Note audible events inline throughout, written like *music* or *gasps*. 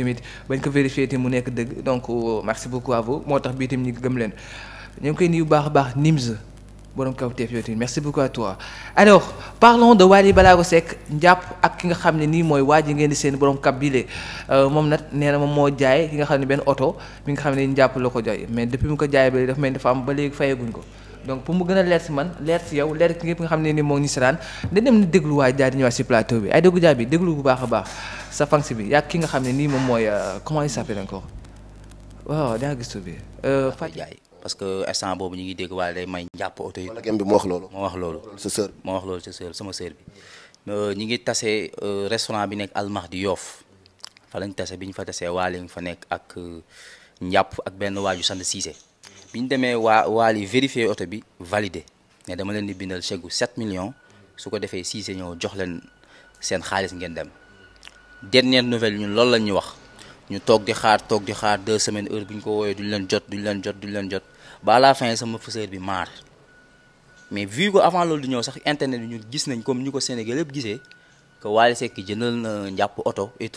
tamit bañ ko vérifié te mu nekk dëgg donc euh, merci beaucoup à moo tax bii tamit gëm leen ñu koy nuyu bu baax a baax Nims borom kawteef yooyu merci beaucoup à toi alors parlons de Wally Ballago Seck njàpp ak ki nga xam ne nii mooy waa ngeen di seen borom kab bile euh, moom nag nee moom moo jaay ki nga xam ne benn oto mi nga xam ne njàpp la ko jaay mais depuis mu ko jaay ba dafa mel dafa am ba léegi fayaguñ ko. donc pour mu gën a leer man leer si yow leer ki yëpp nga xam ne ni moo ngi siraan da dem na déglu waaye daal di ñëwaat si plateau bi ay déglu jaa bi déglu bu baax a baax sa fanx bi yaa ki nga xam ne nii moom mooy euh, comment il s'appelle encore waaw daa gis bi euh, Fatou Ndiaye parce que instant boobu ñu ngi dégg waaye may njàpp oto yi. wala wax loolu. moo wax sa sœur. moo wax loolu sa sœur sama sœur bi euh, ñu ngi tase restaurant bi nekk Almahdi di fa lañ tase bi ñu fa tasee waa lañ fa nekk ak njàpp ak benn waaju sant Cissé bi ñu demee waa Wally vérifier oto bi validé ne dama leen di bindal chèque gu 7 millions su ko defee Cissé ñëw jox leen seen xaalis ngeen dem dernière nouvelle ñun loolu lañ ñu wax ñu toog di xaar toog di xaar deux semaines heure bu ko woowee duñu leen jot duñ leen jot duñ leen jot ba à sama faiseur bi maar mais vu que avant loolu di ñëw sax internet bi ñu gis nañ comme ñu ko Sénégal yëpp gisee que Wally Seck jëndal na njàpp oto et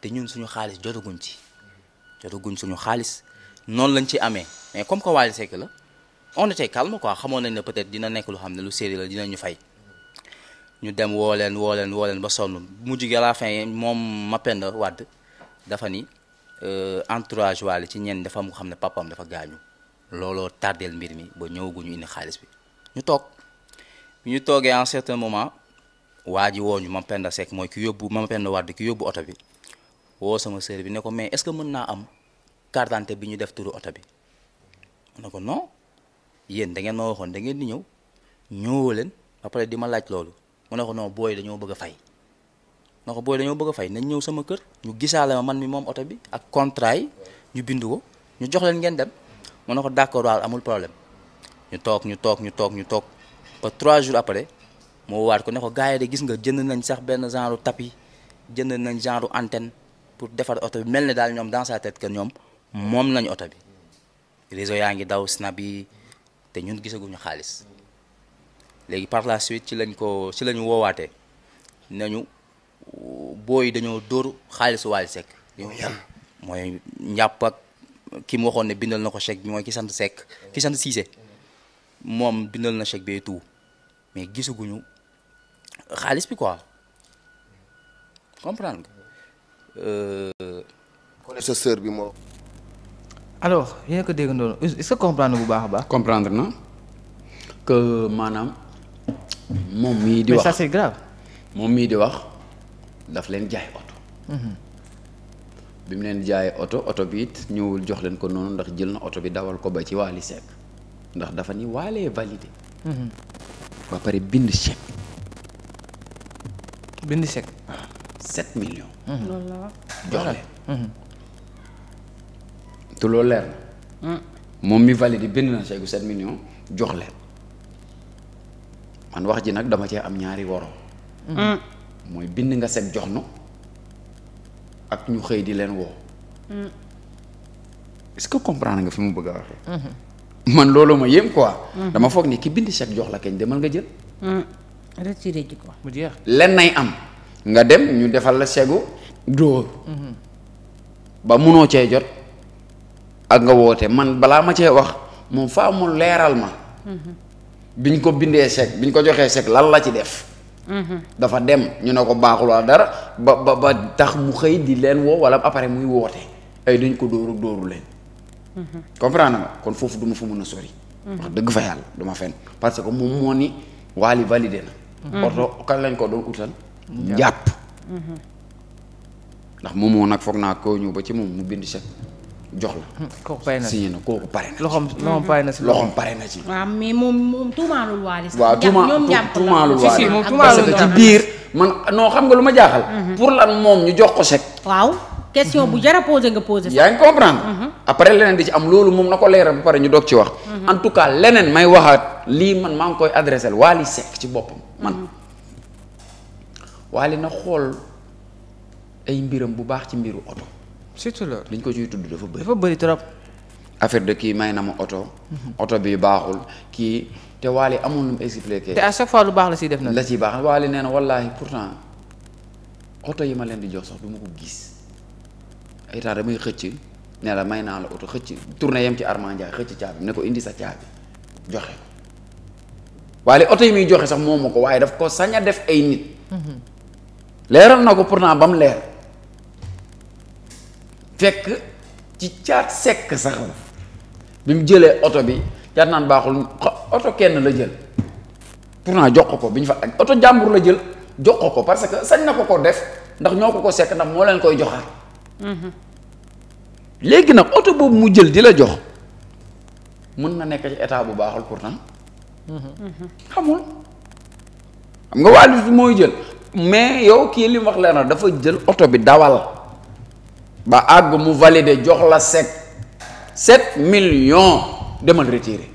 te ñun suñu xaalis jotaguñ ci jotaguñ suñu xaalis. noonu lañ ci amee mais comme que Wally Seck la on était calme quoi xamoon nañ ne peut-être dina nekk lu xam ne lu sérieux la dinañu fay ñu dem woo leen woo leen woo leen ba sonn mujj gi à la fin moom Mapenda Wade dafa ni euh, entourage Wally ci ñenn dafa mu xam ne papam dafa gaañu looloo tardeel mbir mi ba ñëwaguñu indi xaalis bi ñu toog ñu toogee en certain moment waa ji woo ñu Mapenda Seck mooy ki yóbbu Mapenda Wade ki yóbbu oto bi woo sama sœur bi ne ko mais est-ce que mën naa am. carte d'identité bi ñu def turu oto bi mu ne ko non yéen da ngeen ma waxoon da ngeen di ñëw ñëwoo leen après di ma laaj loolu mu ne ko non booy dañoo bëgg a fay na ko dañoo bëgg fay nañ ñëw sama kër ñu gisaale ma man mi moom oto bi ak contrat yi ñu bind ko ñu jox leen ngeen dem mu na ko d'accord waaw amul problème ñu toog ñu toog ñu toog ñu toog ba trois jours après moo waat ko ne ko gars yi de gis nga jënd nañ sax benn genre tapis jënd nañ genre antenne pour defar oto bi mel ne daal ñoom dans sa tête ñoom moom nañu oto bi réseau yaa ngi daw snap yi te ñun gisaguñu xaalis léegi par la suite ci lañ ko ci lañu ñu woowaatee nañu booy dañoo dóor xaalisu Wally Seck mooy njàpp ak ki mu waxoon ne bindal na ko chèque bi mooy ki sant Seck ki sant Cissé moom bindal na chèque bi tout mais gisaguñu xaalis bi quoi comprendre nga. kon euh, alors yéen ko déggandoo est-ce comprendre bu baax baax. comprendre na que maanaam moom mii di. wax moom mii di wax daf leen jaay oto. Mhm. bi mu leen jaay oto oto bi ñëwul jox leen ko noonu ndax jël na oto bi dawal ko ba ci Wally Seck ndax dafa ni waalee validé. Mhm. ba pare bind chèque. bind chèque. Ah, mhm. jox leen. te loolu leer na. Mm. moom mi validé bind na chèque bu 7 jox leen man wax ji nag dama cee am ñaari woro mm. Mm. mooy bind nga chèque jox nu ak ñu xëy di leen woo. est-ce que comprendre nga fi mu bëgg a waxee. Mm-hmm. man loolu ma yéem quoi. dama foog ni ki bind chèque jox la kañ demal nga jël. retiré ji jeex len nay am. nga dem ñu defal la chèque dóor. Mm-hmm. ba munoo cee jot. ak nga woote man balaa ma cee wax moom faa mu leeral ma. biñ ko bindee chèque biñ ko joxee chèque lan la ci def. dafa dem ñu ne ko baaxul wala dara ba ba ba tax mu xëy di leen woo wala après muy woote ay dañ ko dóoru dóoru leen. comprendre nga kon foofu du fu fa mën a sori. wax dëgg fa yàlla du ma parce que moom moo ni waali validé na. oto kan lañ ko doon utal. njàpp. ndax moom moo nag foog naa koo ñëw ba ci moom mu bind chèque. jox la. Hmm, kooku pare na si signé na kooku pare na. loxoom loxoom pare na si loxoom pare na ci. waaw mais moom moom tuumaalul waali. waaw tuuma tuumaalul waali parce que ci biir man non xam nga lu ma jaaxal. Mhm. pour lan moom ñu jox ko chèque. waaw question bu jar a posé nga posé. yaa ngi comprendre. Mhm. après leneen di ci am loolu moom na ko leeral ba pare ñu doog ci wax. Mhm. en tout cas leneen may waxaat lii man maa ngi koy adressé waali Seck ci boppam man. waali na xool ay mbiram bu baax ci mbiru oto. surtout loolu liñ ko ciy tudd dafa bëri. dafa bëri trop. affaire de kii may na ma oto. oto bi baaxul kii te waale amul lu mu expliqué. te à chaque fois lu baax la siy def na la ciy baax waale nee na wallaahi pourtant oto yi ma leen di jox sax du ma ko gis ay temps xëcc ne la may naa la oto xëcc tourné yem ci Armand Ndiaye xëcc caabi ne ko indi sa caabi joxe ko waale oto yi muy joxe sax moomu ko waaye daf ko sañ def ay nit. Mhm. leeral na ko pourtant ba mu leer. fekk ci caat sekk sax na bi mu jëlee oto bi caat naan baaxul oto kenn la jël pourtant jox ko ko bi ñu fa ak oto jàmbur la jël jox ko ko parce que sañ na ko ko def ndax ñoo ko ko sekk ndax moo leen koy joxaat mm-hmm. léegi nag oto boobu mu jël di la jox mën na nekk ci état bu baaxul pourtant mm-hmm. xamul xam nga waa mooy jël mais yow kii li mu wax leer na dafa jël oto bi dawal ba àgg mu validé jox la sec sept millions demal retiré.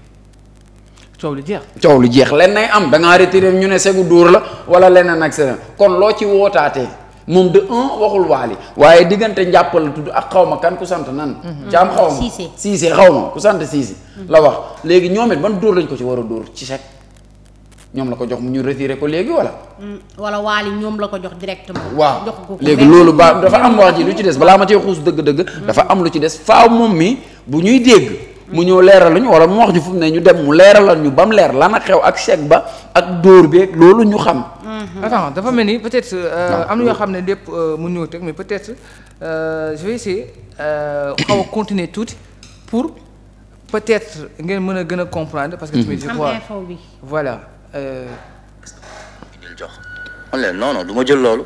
coow lu jeex. coow lu jeex len nay am da ngaa retiré ñu ne segu dóor la wala leneen ak seen kon loo ci wootaatee moom de un waxul yi waaye diggante njàppal tudd ak xaw ma kan ku sant nan. Mhm. caam xaw ma siise xaw ma ku sant siise la wax léegi ñoom it ban dóor lañ ko ci war a dóor ci chèque. ñoom la ko jox mu ñu retiré ko léegi wala. Mm, wala waali ñoom la ko jox directement. waaw léegi loolu ba dafa am wax ji lu ci des balaa ma cee xuus dëgg-dëgg. Mm. dafa am lu ci des faaw moom mi bu ñuy dégg. mu ñëw leeral lañu wala mu wax ñu fu mu ne ñu dem mu leeralal ñu ba mu leer lan a xew ak chèque ba ak dóor beeg loolu ñu xam. Mm-hmm. attends dafa mel ni peut-être euh, am na yoo xam ne lépp euh, mu ñëw teg mais peut-être euh, je vais essayer euh, continuer tuuti pour peut-être ngeen mën a gën a comprendre. parce que mm-hmm. tamit je crois voilà. Euh, indil jox man leen non duma jël loolu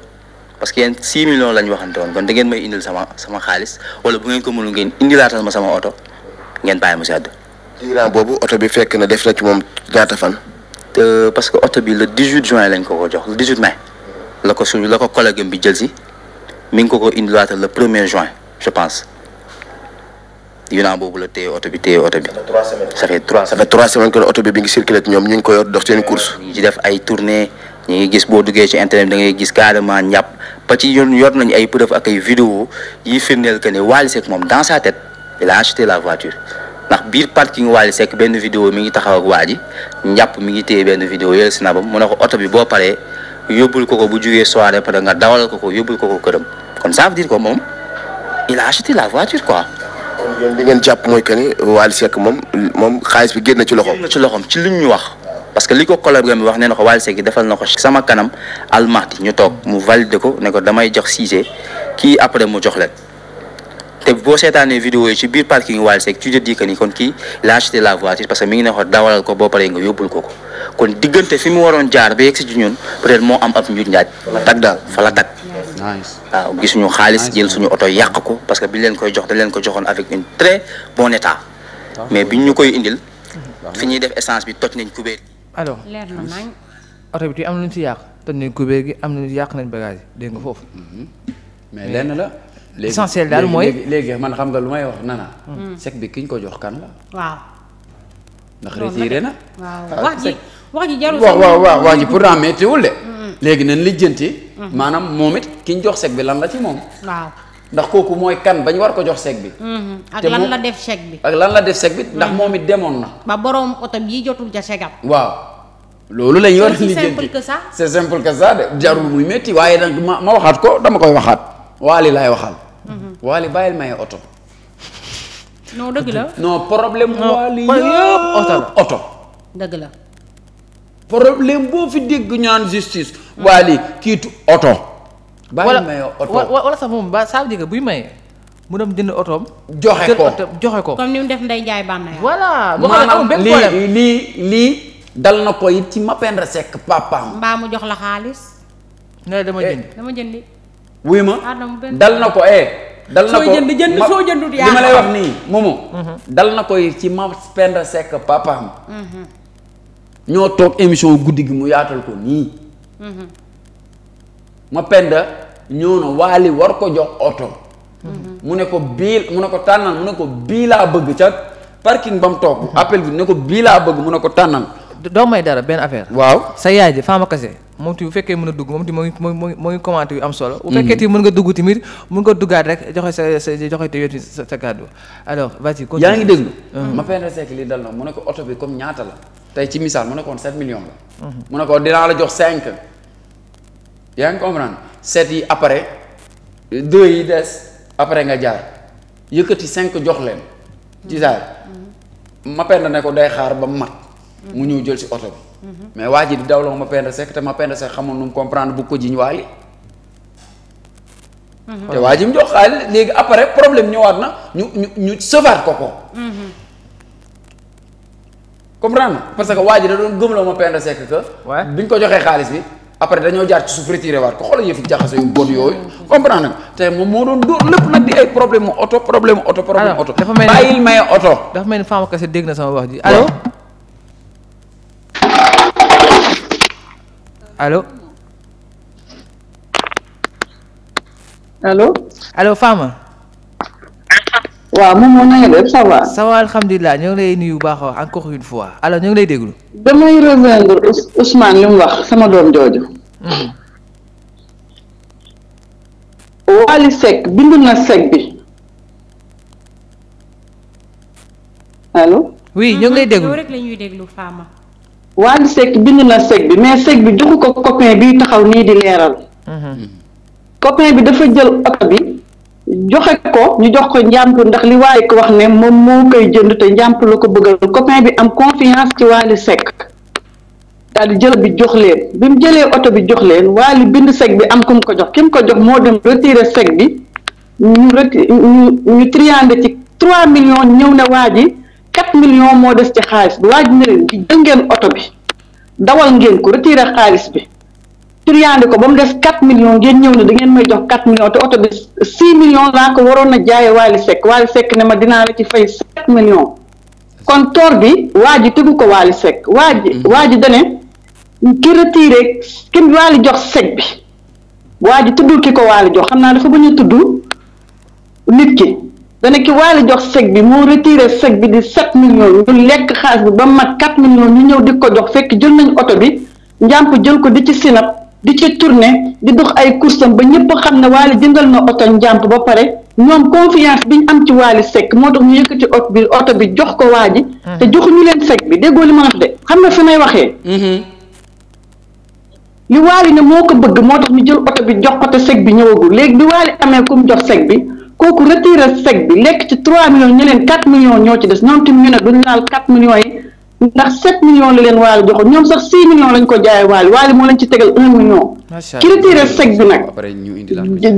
parce que yéen million millions la ñu waxante woon kon da ngeen may indil sama sama xaalis wala bu ngeen ko mënul ngeen indilaatal ma sama oto ngeen bàyyi mu sedd. diiran boobu oto bi fekk na def la ci moom ñaata fan. parce que oto bi le 18 juin lañ ko ko jox le 18 mai. la ko suñu la ko collègue bi jël si mi ngi ko ko indilaatal le premier juin je pense. yunaa boobu la téye oto bi téye oto bi. ça trois semaines ça fait trois oto bi bi ngi circulé ñoom ñu ngi ko dox seen euh, course. ñu ngi gis boo duggee ci internet da ngay gis carrément ñàpp ba ci yoon yor nañu ay preuve ak ay vidéo yi firndeel que ne Wally Seck moom dans sa tête il a acheté la voiture. ndax biir parking Wally Seck benn vidéo mi ngi taxaw ak waa ji ñàpp mi ngi téye benn vidéo yële si nabam mu ne ko oto bi boo paree yóbbul ko ko bu jugee soirée pare nga dawal ko ko yóbbul ko ko këram kon ça veut dire que moom il a la quoi. kon yéen li ngeen jàpp mooy que ni Wally Seck moom moom xaalis bi génn ci loxoom. génn ci loxoom ci ñu wax. parce que li ko collègue bi wax nee na ko Wally Seck defal na ko sama kanam almaati ñu toog mu validé ko ne ko damay jox Cissé kii après mu jox leen te boo seetaanee vidéo yi ci biir parking Wally Seck tu te kon ki l'a acheté la voiture parce que mi ngi ne ko dawalal ko boo paree nga yóbbul ko ko kon diggante fi mu waroon jaar ba yegg si ci ñun peut être moo am ab njur njaaj. fa la daal fa la tag. waaw gisuñu xaalis jël suñu oto yàq ko parce que biñ leen koy jox dañ leen ko joxoon avec une très bon état mais biñ ñu koy indil fi ñuy def essence bi toj nañ kubéer alors leer na nañ yàq nañ kubéer yi dégg foofu mhm. mais lenn la l'essentiel daal mooy léegi man xam nga lu may wax nana mhm. chèque bi ki ñu ko jox kan la waaw ndax retiré na waaw wax ji ah, wax ji jarul waaw waaw waaw wax ji pourtant mhm. léegi nañ lijjanti Mhm. maanaam moom it ki ñu jox chèque bi lan la ci moom. waaw ndax kooku mooy kan ba ñu war ko jox chèque bi. Mhm. ak lan la def chèque bi. ak lan la def chèque bi ndax mhm. moom it demoon na. ba borom oto bii jotul ca chèque am. waaw loolu lañ war a lijjanti c'est simple que ça. c'est de jarul muy métti waaye nag ma ma waxaat ko dama koy waxaat. waali laay waxal. waali bàyyil maye oto. non dëgg la non problème. waali yëpp oto la oto. dëgg la. problème boo fi dégg ñaan justice. waa lii kiitu oto. baa maye oto wala sax moom ba ça veut buy maye. mu dem jënd otoom. joxe ko comme ni mu def Ndeye Ndiaye Banaya. voilà boo xam ne lii lii dal na ko it ci Mapenda Seck papaam. mbaa mu dama eh, jënd ma ah, dal na ko eh. dal na ko ma mhm. ci Mapenda Seck papaam. Mhm. ñoo toog émission guddi gi mu yaatal ko nii. Mm-hmm. ma penda ñëw na li war ko jox oto mm-hmm. mu ne ko bii mu ne ko tànnal mu ne ko bii laa bëgg ca parking ba mu toog mm-hmm. appel bi ne ko bii laa bëgg mu ne ko tànnal doo may dara benn affaire waaw sa yaay ji Fama Kassé moom ti fekkee mën a dugg moom ti moo ngi moo ngi commenté yu am solo bu fekkee mën nga dugg tamit mën nga duggaat rek sa sa joxe te yónni sa sa kàddu alors vas-y ngi dégg ma penda seek dal na mu ne ko oto bi comme ñaata la tey ci misaal mu ne ko woon 7 la mu ne ko dinaa la jox 5 yaa ngi comprendre sept yi après deux yi des après nga jaar yëkkati cinq jox leen. ci saar mm-hmm. ma penda ne ko day xaar ba mat. Mm-hmm. mu ñëw jël si oto bi. Mm-hmm. mais waa ji di dawloo ma penda sekk te ma penda sekk xamoon nu mu comprendre bu ko jiñ waali. te waa mu jox xaalis léegi après problème ñëwaat na ñu ñu ñu sëfaat ko ko. comprendre parce que waa ji da doon gëmloo ma penda sekk que. bi ñu ko joxee xaalis bi. après dañoo jaar ci suuf retiré waat ko xoolal yëfi jaxase yu bon yooyu. comprendre nga te moom moo doon lépp nag di ay problème mu oto problème mu oto. problème mu oto bàyyil may oto. dégg na sama wax ji allo. allo. allo. allo Fama. waaw moom moo ngi def ça va. alhamdulilah ñoo ngi lay nuyu bu baax encore une fois alors ñoo ngi lay déglu. damay rejoindre Ousmane li mu wax sama doom jooju. Hmm. Wally Seck bindu na Seck bi allo. oui ñoo ngi lay déglu rek la déglu Fama. Wally Seck bind na Seck bi mais Seck bi joxu ko copain bi taxaw nii di leeral. Hmm. copain bi dafa jël oto bi joxe ko ñu jox ko njàmp ndax li Wally ko wax ne moom moo koy jënd te njàmp la ko bëggal copain bi am confiance ci Wally Seck daal di jël bi jox leen bi jëlee oto bi jox leen waali bind sec bi am ku ko jox ki ko jox moo dem retiré sec bi ñu reti ñu ñu ci trois millions ñëw ne waa ji quatre millions moo des ci xaalis bi waa ji ne jël ngeen oto bi dawal ngeen ko retiré xaalis bi triandé ko ba mu def 4 million ngeen ñëw ne da ngeen may jox 4 millions te oto bi 6 millions laa ko waroon na jaayee Wally Seck Wally sekk ne ma dinaa la ci fay 7 millions kon toor bi waa ji tegu ko Wally Seck waa ji mhm. waa ji dane ki retiré ki Wally jox sec bi waa ji tuddul ki ko Wally jox xam naa dafa bañ a tudd nit ki dane ki Wally jox sec bi moo retiré sec bi di 7 millions ñu lekk xaalis bi ba mat 4 millions ñu ñëw di ko jox fekk jël nañ oto bi njàmp jël ko di ci sinap di ci tourné di dox ay kursam ba ñëpp xam ne Wally jëndal na oto njàmp ba pare ñoom confiance bi ñu am ci Wally Seck moo tax ñu yëkkati oto bi oto bi jox ko waa ji te joxuñu leen Seck bi déggoo li ma wax de xam nga fi may waxee mm-hmm. li Wally ne moo ko bëgg moo tax ñu jël oto bi jox ko te Seck bi ñëwagul léegi bi Wally amee ku mu jox Seck bi kooku retiré Seck bi lekk ci trois millions ñu leen quatre millions ñoo ci des ñoom tamit ñu ne duñu laal quatre millions yi ndax 7 millions la leen waali joxoon ñoom sax 6 millions lañ ko jaayee waali waali moo leen ci tegal 1 million. ki retiré sec bi nag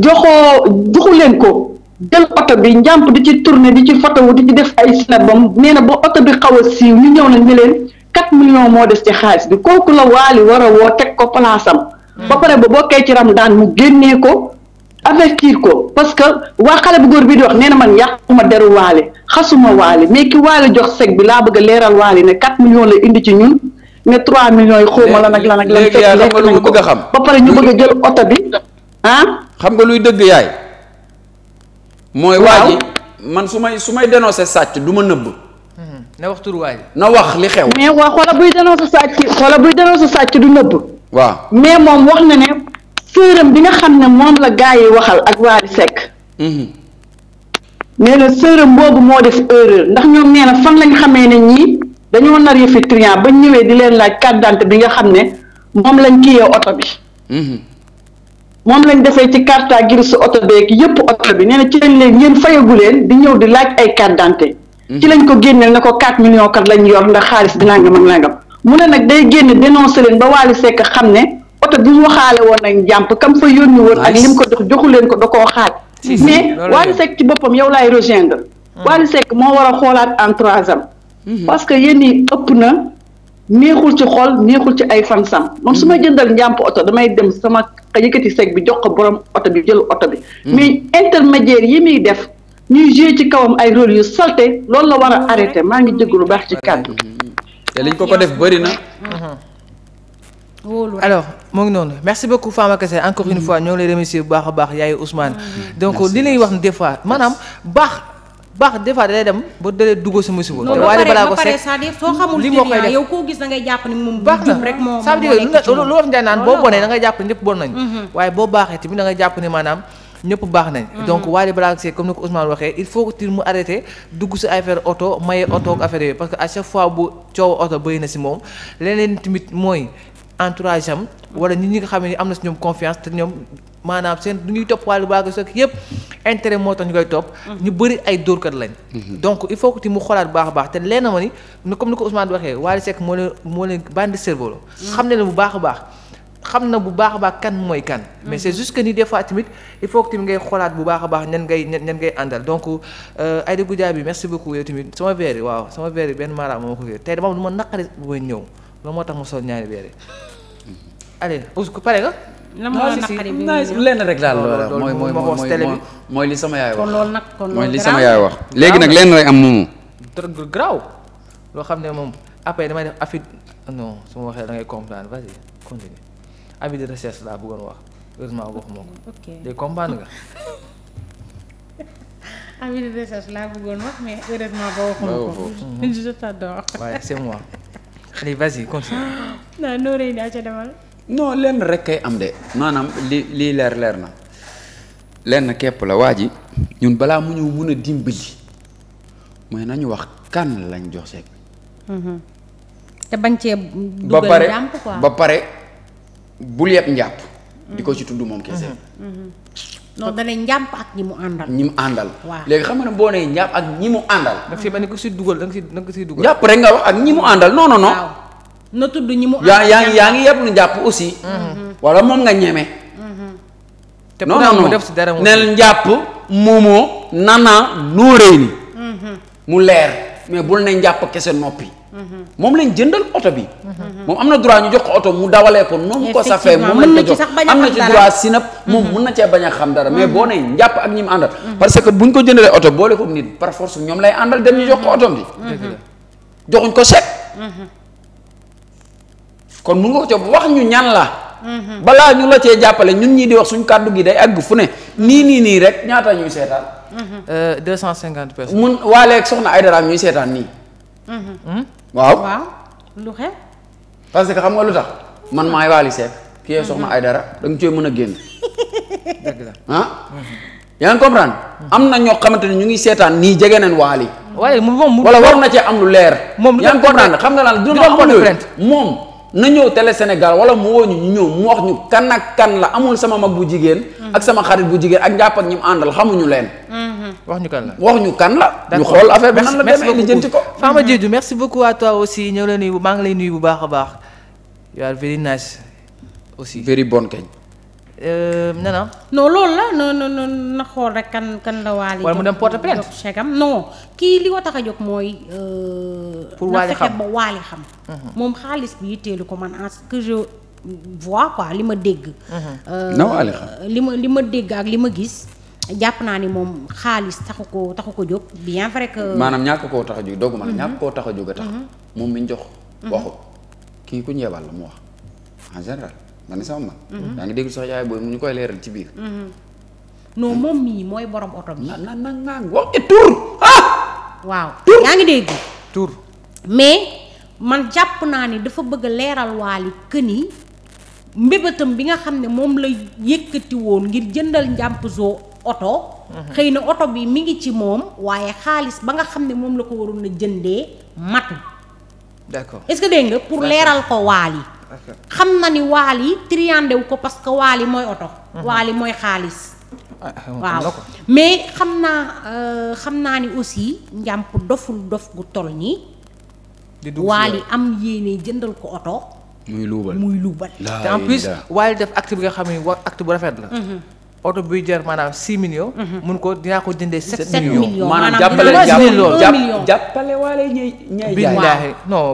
joxoo joxu leen ko jël oto bi njàmp di ci tourné di ci photo wu di ci def ay snap bam nee na ba oto bi xaw a siiw ñu ñëw nañ ne leen 4 million moo def ci xaalis bi kooku la waali war a woo teg ko palaasam. Hmm. ba pare ba boo bokkee ci ram daan mu génnee ko. avertir ko parce que waa xale bu góor bi di wax nee na man yàquma deru waale xasuma waale mais ki waale jox sec bi laa bëgg a leeral waale ne 4 millions la indi ci ñun ne 3 millions yi xawma la nag la nag. léegi yaa xam nga lu bëgg a xam ba pare ñu bëgg a jël oto bi ah. xam nga luy dëgg yaay. mooy waa ji man su may su may dénoncé sàcc du ma nëbb. Mhm. na wax tur na wax li xew. mais waa xoola buy dénoncé sàcc xoola buy du nëbb. waaw mais moom wax na ne. sërëm bi nga xam ne moom la gaa yi waxal ak Wally Seck mhm. nee na sërëm boobu moo def erreur ndax ñoom nee na fan lañ xamee ne ñii dañoo nar yëfi triant ba ñëwee di leen laaj carte d'identité bi nga xam ne moom lañ kiyee oto bi mhm. moom lañ defee ci carte grise oto beeg yëpp oto bi nee na ci lañ leen ngeen fayagu leen di ñëw di laaj ay carte d'identité mhm. ci lañ ko génneel na ko 4 millions kat lañ yor ndax xaalis dinaa nga mën naa mu ne nag day génne dénoncé leen ba Wally Seck xam ne oto bi mu xaale woon nañ jàmp kam fa yónni woon ak lim ko jox joxu leen ko da koo xaaj mais Wally Seck ci boppam yow laay rejoindre Wally sekk moo war a xoolaat en parce que yéen yi ëpp na neexul ci xol neexul ci ay fan sam man su ma jëndal njàmp oto damay dem sama yëkkati sec bi jox ko borom oto bi jël oto bi mais intermédiaire yi muy def ñuy joué ci kawam ay rôle yu salté loolu la war a arrêté maa ngi jégg lu baax ci kàddu te liñ ko ko def bëri na wóolu alors moo ngi noonu merci beaucoup Fama Kassé encore une mm. fois ñoo ngi lay remercier baax a baax yaay Ousmane. Mm. Mm. donc li lay wax des fois maanaam baax. baax des fois dem ba dalay dugg si musiba. te waaye li moo koy def yow koo jàpp ni moom baax na rek moo ça veut dire lu wax njaay naan boo bonee da ngay jàpp ni ñëpp bon nañ mm-hmm. waaye maanaam ñëpp baax nañ mm-hmm. donc Wally Ballago Seck comme ni ko Ousmane waxee il faut que tir mu arrêté affaire oto maye oto ak affaire yooyu parce que à chaque fois bu coow oto bëri na si moom leneen tamit mooy entourage am wala nit ñi nga xam ne am na si ñoom confiance te ñoom maanaam seen du ñuy topp wàllu baago soog yëpp intérêt moo tax ñu koy topp. Mhm. ñu bëri ay dóorkat lañ. Mhm. donc il faut que ti mu xoolaat baax a baax te leen comme ni ko Ousmane waxee Wally Seck moo mhm. leen bu baax a baax. xam na bu baax a baax kan mooy kan. mais c' est juste que il faut que tamit ngay xoolaat bu baax a baax ñan ngay ñan ngay àndal donc euh, Aïda Goudiaby merci beaucoup yow tamit sama verre waaw sama verre benn maanaam moo ko tey dama am lu ma naqari bu may ñëw. loolu moo tax mu sol ñaari weer yi. allez ku pare nga. lan moo la naqari bi lenn rek daal mooy mooy mooy mooy li sama yaay wax. kon yaay wax. léegi nag lenn rek am moomu. dërë graw loo xam ne moom après damay def affaire non su ma waxee da ngay comprendre vas-y continue laa bëggoon wax heureusement waxuma ko. ok léegi *laughs* ba waxuma ko. waaye *laughs* c'est allez vas-y continue. *gasps* non Nooreyni daa rek kay am de maanaam li lii leer leer na lenn képp la waa ji ñun balaa mu ñëw mun a dimbali mooy nañu wax kan lañ jox seeg. Mhm. te bañ cee dugal njàmp quoi ba pare bul yëpp njàpp. di ko mhm. ci tudd moom kese. Mhm. non danay njàmp ñi mu àndal. ñi mu àndal. waaw léegi xam nga ne boo nee ak ñi mu àndal. da nga siy ku si dugal da nga si da nga siy dugal. njàpp rek nga ak ñi mu àndal non na tudd ñi mu. àndal yaa yaa ngi yeb lu njàpp aussi. Mm-hmm. wala moom nga ñeme. Mm-hmm. te non def si dara neel njàpp moomoo nana mm-hmm. mu leer mais bul ne njàpp kese noppi. moom lañ jëndal oto bi. moom am na droit ñu jox ko oto mu dawalee ko noonu ko safee moom lañ ko jox mun na cee bañ a xam dara mais boo nee njàpp ak ñi àndal. parce que buñ ko jëndalee oto boole ko nit par force ñoom lay àndal dem ñu jox ko oto bi. joxuñ ko set. Mhm. kon mun nga ko cob wax ñu ñan la. balaa ñu la cee jàppale ñun ñii di wax suñ kàddu gi day àgg fu ne nii nii nii rek ñaata ñuy seetaan. 250 euh, personnes. mun waaleeg soxna Aïdara ñuy seetaan nii. Hmm? waaw waaw lu parce que xam nga lu tax man maay Wally seet ki yee soxna mhm. dara danga nga cee mën a génn. *laughs* dëgg la ah. Mhm. yaa ngi mhm. am na ñoo xamante ni ñu ngi seetaan nii jege nañ Wally. waaye moom mu wala war na cee am lu leer. moom yaa ngi comprendre xam nga lan du doon am moom. na ñëw télé Sénégal wala mu woo ñu ñëw mu wax ñu kan ak kan la amul sama mag bu jigéen. ak sama xarit bu jigéen ak njàpp ak àndal xamuñu leen. Mm-hmm. wax ñu kan la wax ñu kan la. ñu xool affaire bi nan la demee lijjanti ko. Fama Diédhiou merci beaucoup à toi aussi ñëw la nuyu maa ngi lay nuyu bu baax a baax. you very nice aussi. very bon kañ. Euh, nana non loolu la na na xool rek kan kan la waali. wala mu dem porte plainte chegam non kii li ko tax a jóg mooy. Euh, pour waali xam na fexe ba waali xam. Mm-hmm. moom xaalis bi yitteelu ko man en ce que je vois quoi li ma dégg. Mm-hmm. Euh, na waali xam li ma li ma dégg ak li ma gis. jàpp naa ni moom xaalis taxu ko taxu ko jóg bien vrai que. maanaam ñàkk koo tax a jóg doggu la mhm. ñàkk koo tax a jóg a tax. Mhm. moom mi ñu jox. Mhm. waxu kii ku ñu yebal la mu wax en général man ni sama yaa ngi dégg koy leeral ci biir. non hmm. moom mii mooy borom oto bi. na na na nga wax tur ah. mais man jàpp naa ni dafa bëgg a leeral waali këni mbébétam bi nga xam ne moom la yëkkati woon ngir jëndal njàmp zoo. oto. xëy na oto bi mi ngi ci moom waaye xaalis ba nga xam ne moom la ko waroon a jëndee matu. d'accord est-ce que dégg nga pour leeral ko waal yi. xam na ni waal yi triandé wu ko parce que waal yi mooy oto. Mhm. waal yi mooy xaalis. Ah, ah, waaw mais xam naa euh, xam naa ni aussi njàmp doful dof gu toll nii. di waal yi am yéene jëndal ko oto. muy luubal muy luubal. te en plus waal def acte bi nga xam ne acte bu rafet la. Mhm. oto buy jar maanaam 6 millions. Mhm. mun ko dinaa ko jëndee 7 millions. maanaam jàppale jàppale jàppale waale ñay ñay billaahi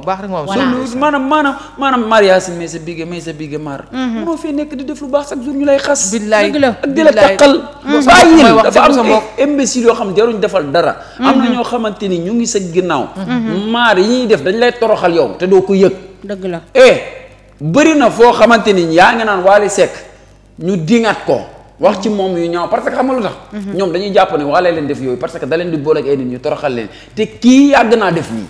baax rek moom. so maanaam maanaam maanaam mariage may sa bige may sa bige maar. Mhm. munoo fee nekk di def lu baax chaque jour ñu lay xas. ak di la taqal. Mhm. bàyyil dafa am ay imbécile yoo xam jaruñ defal dara. am na ñoo xamante ni ñu ngi sa ginnaaw. maar yi ñuy def dañ lay toroxal yow te doo ko yëg. dëgg la eh bëri na foo xamante ni yaa ngi naan Wally Seck ñu dingat ko. wax ci moom yu ñaaw parce que xam nga lu tax. Mhm. ñoom dañuy jàpp ne waalee leen def yooyu parce que da leen di booleeg ay nit ñu toroxal leen te kii yàgg naa def lii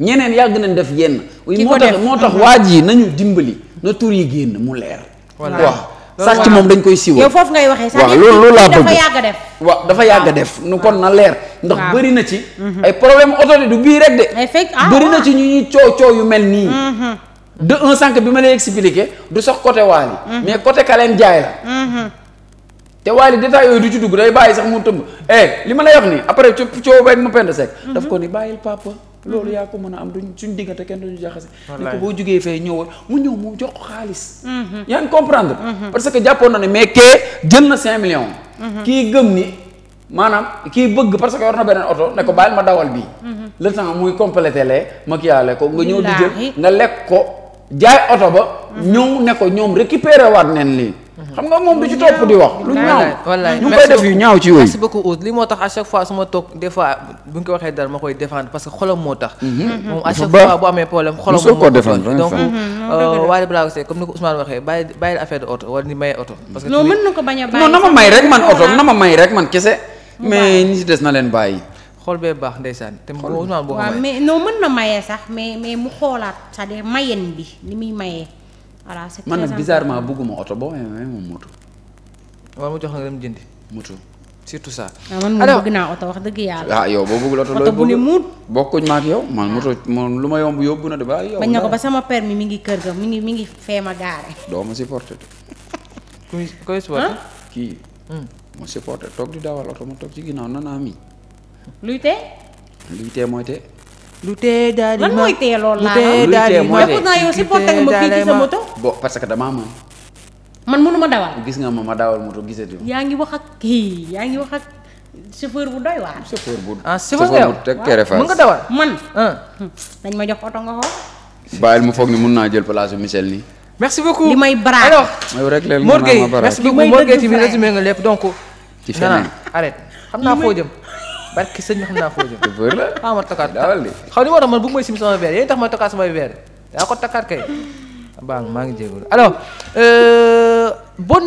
ñeneen yàgg nañ def yenn. moo tax moo tax mhm. waa ji nañu dimbali na tur yi génn mu leer. voilà sax ci moom dañ koy siiwal yow foofu ngay waxee sax loolu loolu laa bëgg dafa yàgg a def dafa yàgg a def nu kon na leer ndax bëri na ci mhm. ay problème oto du bii rek de ah, bëri na ci ñu ñuy coow coow yu mel nii de un sànq bi ma lay du sax côté waal mais côté kaleen jaay te waaye li détails yooyu du ci dugg day bàyyi sax mu tëmb eh li ma lay wax nii après ci coow beeg ma pend mhm. daf ko ni bàyyil papa loolu mhm. yaa ko mën a am duñ suñ diggante kenn duñu jaxase ne ko boo jugee fee ñëwal mu ñëw mu jox ko xaalis mhm. yaa ngi comprendre parce que jàppoon na ne mais kee jël na cinq millions kii gëm ni maanaam kii bëgg parce que war na beneen oto ne ko bàyyil ma dawal bii le temps muy complété lee makiyaale ko nga ñëw di jël nga lekk ko jaay oto ba ñëw ne ko ñoom récupéré waat neen lii xam nga moom du ci topp di wax. lu ñaaw ñu ngi def yu ñaaw ci yooyu. merci beaucoup Ousse li moo tax à chaque fois su ma toog des fois bu ñu ko waxee dara ma koy défendre parce que xolam moo tax. Mhm. moom à chaque fois bu amee problème xolam moo ko défendre donc mhm. euh, Wally Ballago Seck comme ni ko Ousmane waxee bàyyi bàyyi affaire de oto wala ni maye oto. parce que non mën na ko bañ a bàyyi. non na ma may rek man oto na ma may rek man kese. mais ñi si des na leen bàyyi. xool bee baax ndeysaan te Ousmane boo. waaw mais non mën na maye sax mais mais mu xoolaat c'est-à-dire mayen bi ni muy voilà c' est man nag bizarrement bugguma oto boo eh, eh, may moom moto. wala mu jox la nga dem jëndi. moto surtout ça. Ah, man moom bëgg oto wax dëgg yàlla. ah yow boo bëggul oto. oto bu ne muut bokkuñ ma ak yow man moto man lu ma yomb yóbbu na de ba yow. bañ na ko ba sama permis mi ngi kër ga mi ngi mi ngi fee ma gaare. doo ma supporté. kuy koy supporté. kii. Hmm. ma supporté toog di dawal oto ma toog ci ginnaaw nanaa mi. luy tee. luy tee mooy lu te daal lan mooy tee loolu laa lu tee bon parce que damaa man man mënu ma dawal. gis nga ma ma dawal moto gisee ma. yaa ngi wax ak kii yaa ngi wax ak chauffeur bu doy waar. chauffeur bu ah chauffeur bu teg tere fas mën nga dawal man. dañ ah. hmm. ma jox oto nga xool. bàyyil mu foog ni mun naa jël place bu Michel nii. merci beaucoup li may baraat alors. yow rek léegi mën naa ma baraat merci beaucoup Mor Gueye bi résumé nga lépp donc. ci feneen arrête xam naa foo jëm. barke sëñ bi xam naa foo jëm. *laughs* dëgg ah, ma tokkaat xaw ni moo tax man bu may sim sama verre yéen tax ma tokkaat samay verre daa ko takkaat kay. baax maa ngi jégalu alors. Euh,